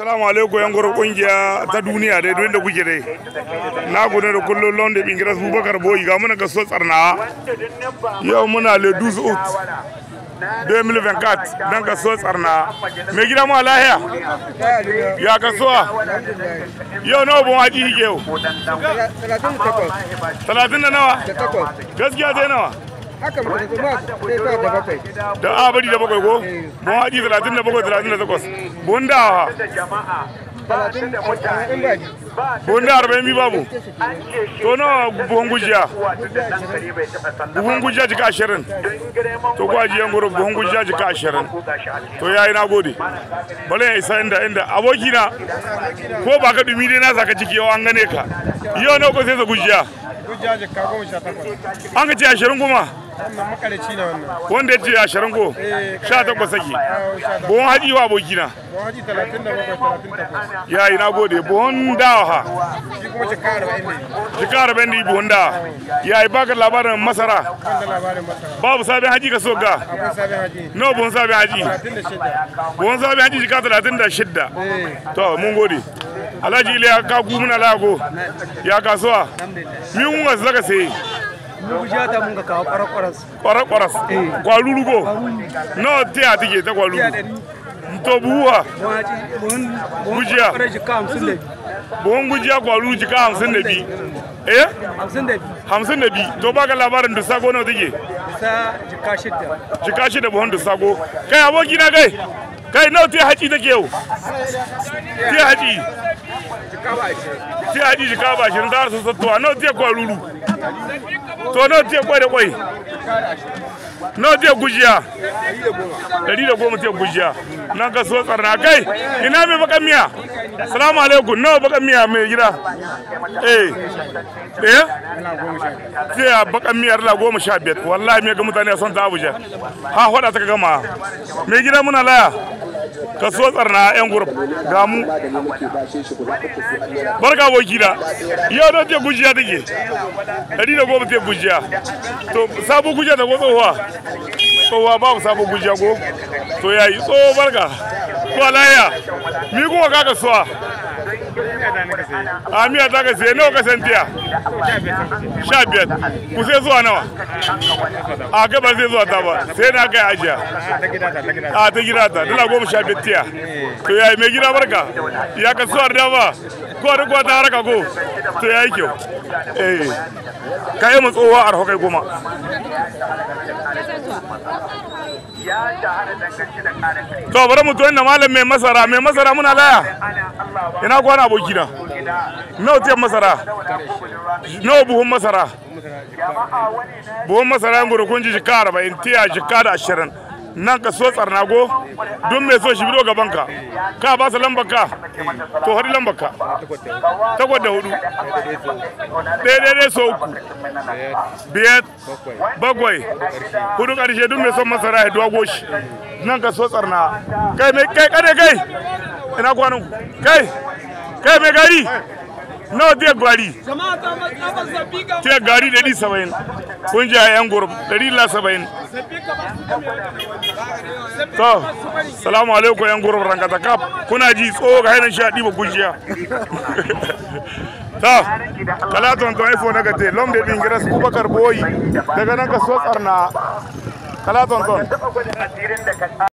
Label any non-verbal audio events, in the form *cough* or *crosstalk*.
Assalamu alaikum yan gurin kungiya ta duniya dai duk da kuke dai. Na gode da kullum lawan da bingiras Bubakar Boyi ga muna gaso tsarnawa. Yau muna le 12 août 2024 dan gaso tsarna. Me gida mu lahiya? Ya kasuwa. Yau nawa bon haji yau? 38. 30 da nawa? Gaskiya dai nawa? haka muka tafi ma sai fa da bakwai da a da bakwai ko mun haji 37 38 bunda Bunda arba'in bi babu. To nawa buhun gujiya? Buhun gujiya jika ashirin. To gwajiyan goro buhun gujiya jika ashirin. To ya yi gode Bala ya isa inda inda abokina ko ba ka dumi dai na saka ciki yau an gane ka. Yau nawa ko sai sa gujiya? Gujiya jika An ka ce ashirin kuma? wanda ya ce a sharango eh, sha takwas saki buhon haji wa abokina ya yi na gode buhon dawa ha jika arba'in da buhon dawa ya yi baka labarin masara babu sabin haji ka so ga no buhon sabin haji buhon sabin haji jika talatin da shidda eh. to mun gode alhaji ya kagu muna lago ya kasuwa min kun wasu zaka sai Eh. Rubuja ta mun kwa kawo kwarakwaras. Kwarakwaras? Kwarurugo? Nawa ta take ta kwarurugo? To buwa? Gujiya? Buhun gujiya kwaruru jika hamsin da Eh? Hamsin da biyu. Hamsin da biyu. To baka labarin da n'o nawa Sa jika shida. Jika shida buhun da sago. Kai aboki na kai. Kai n'o te haci take yau? te haci. Jika ba ashirin. Ta haci jika ba ashirin za su sattuwa nawa ta kwaruru? to no te kwai da kwai no te gujiya dari da goma te gujiya na ga so tsarna kai ina me bakan miya salamu alaikum no bakan miya me gida eh eh sai a bakan miya la goma sha biyar wallahi me ga mutane son ta abuja ha hoda ta gama me gida muna laya kaso tsarna yan gurb ga mu barka abokina iya don te bujiya take ɗari da goma te bujiya to Sabu bujiya da ko tsohuwa tsohuwa babu sabu bujiya ko to yayi tsoho barka ko alaya mi kuma ka kasuwa a ah, miya za ka siya nawa ka san ku a ah, ba ta ba sai na kai ajiya a ah, ta gida ta dala goma sha biyar to yayi mai gida barka ya kasuwar dama gwada gwada har ka go to ya yi kyau eh ka yi mutsowa a rahokai goma to bari mu tuwon da malam mai masara mai masara muna laya ina kwana aboki na nawa tiyan masara nawa buhun masara buhun masara yan gurukun ji jika arba'in tiya jika da ashirin nan ka so tsarnago don mai so shi bido gaban ka ka ba su lambar ka to har lambar ka takwas da hudu daidai so uku biyar bakwai hudu karshe don mai son masara ya dogo shi nan ka so tsarna kai mai kai kare kai ina kwanan kai kai mai gari nawa te gwari te gari dari saba'in kun ji a yan gurb dari la to salamu alaikum yan gurb rankata kap kuna ji tsoho ga hainan sha ɗiba gujiya ta kalaton *laughs* to ifo na gate lom de bingiras kubakar boyi daga nan ka so tsarna kalaton to.